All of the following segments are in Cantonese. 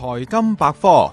財金百科，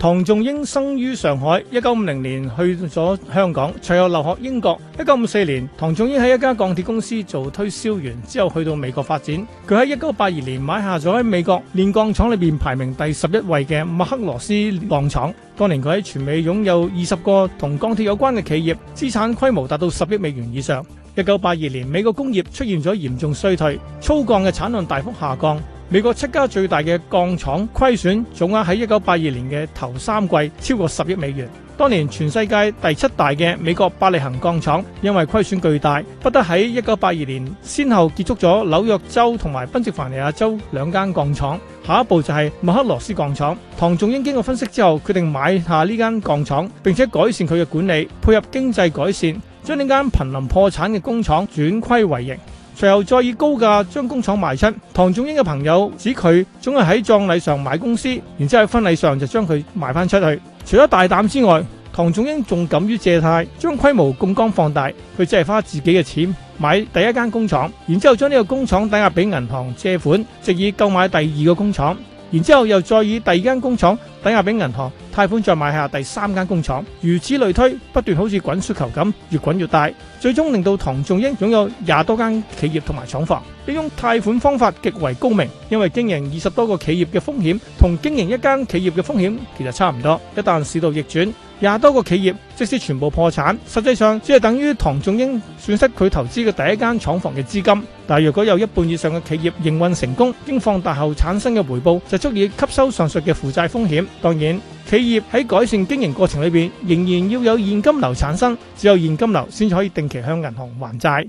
唐仲英生於上海，一九五零年去咗香港，隨後留學英國。一九五四年，唐仲英喺一間鋼鐵公司做推銷員，之後去到美國發展。佢喺一九八二年買下咗喺美國煉鋼廠裏邊排名第十一位嘅麥克羅斯鋼廠。當年佢喺全美擁有二十個同鋼鐵有關嘅企業，資產規模達到十億美元以上。一九八二年，美國工業出現咗嚴重衰退，粗鋼嘅產量大幅下降。美國七家最大嘅鋼廠虧損總額喺一九八二年嘅頭三季超過十億美元。當年全世界第七大嘅美國巴利恆鋼廠因為虧損巨大，不得喺一九八二年先後結束咗紐約州同埋賓夕凡尼亞州兩間鋼廠。下一步就係麥克羅斯鋼廠。唐仲英經過分析之後，決定買下呢間鋼廠，並且改善佢嘅管理，配合經濟改善，將呢間瀕臨破產嘅工廠轉虧為盈。隨後再以高價將工廠賣出。唐仲英嘅朋友指佢總係喺葬禮上買公司，然之後喺婚禮上就將佢賣翻出去。除咗大膽之外，唐仲英仲敢於借貸，將規模槓桿放大。佢只係花自己嘅錢買第一間工廠，然之後將呢個工廠抵押俾銀行借款，直以購買第二個工廠，然之後又再以第二間工廠。抵押俾銀行，貸款再買下第三間工廠，如此類推，不斷好似滾雪球咁，越滾越大，最終令到唐仲英擁有廿多間企業同埋廠房。呢種貸款方法極為高明，因為經營二十多個企業嘅風險同經營一間企業嘅風險其實差唔多。一旦市道逆轉，廿多個企業即使全部破產，實際上只係等於唐仲英損失佢投資嘅第一間廠房嘅資金。但係如果有一半以上嘅企業營運成功，經放大後產生嘅回報就足以吸收上述嘅負債風險。當然，企業喺改善經營過程裏面仍然要有現金流產生，只有現金流先可以定期向銀行還債。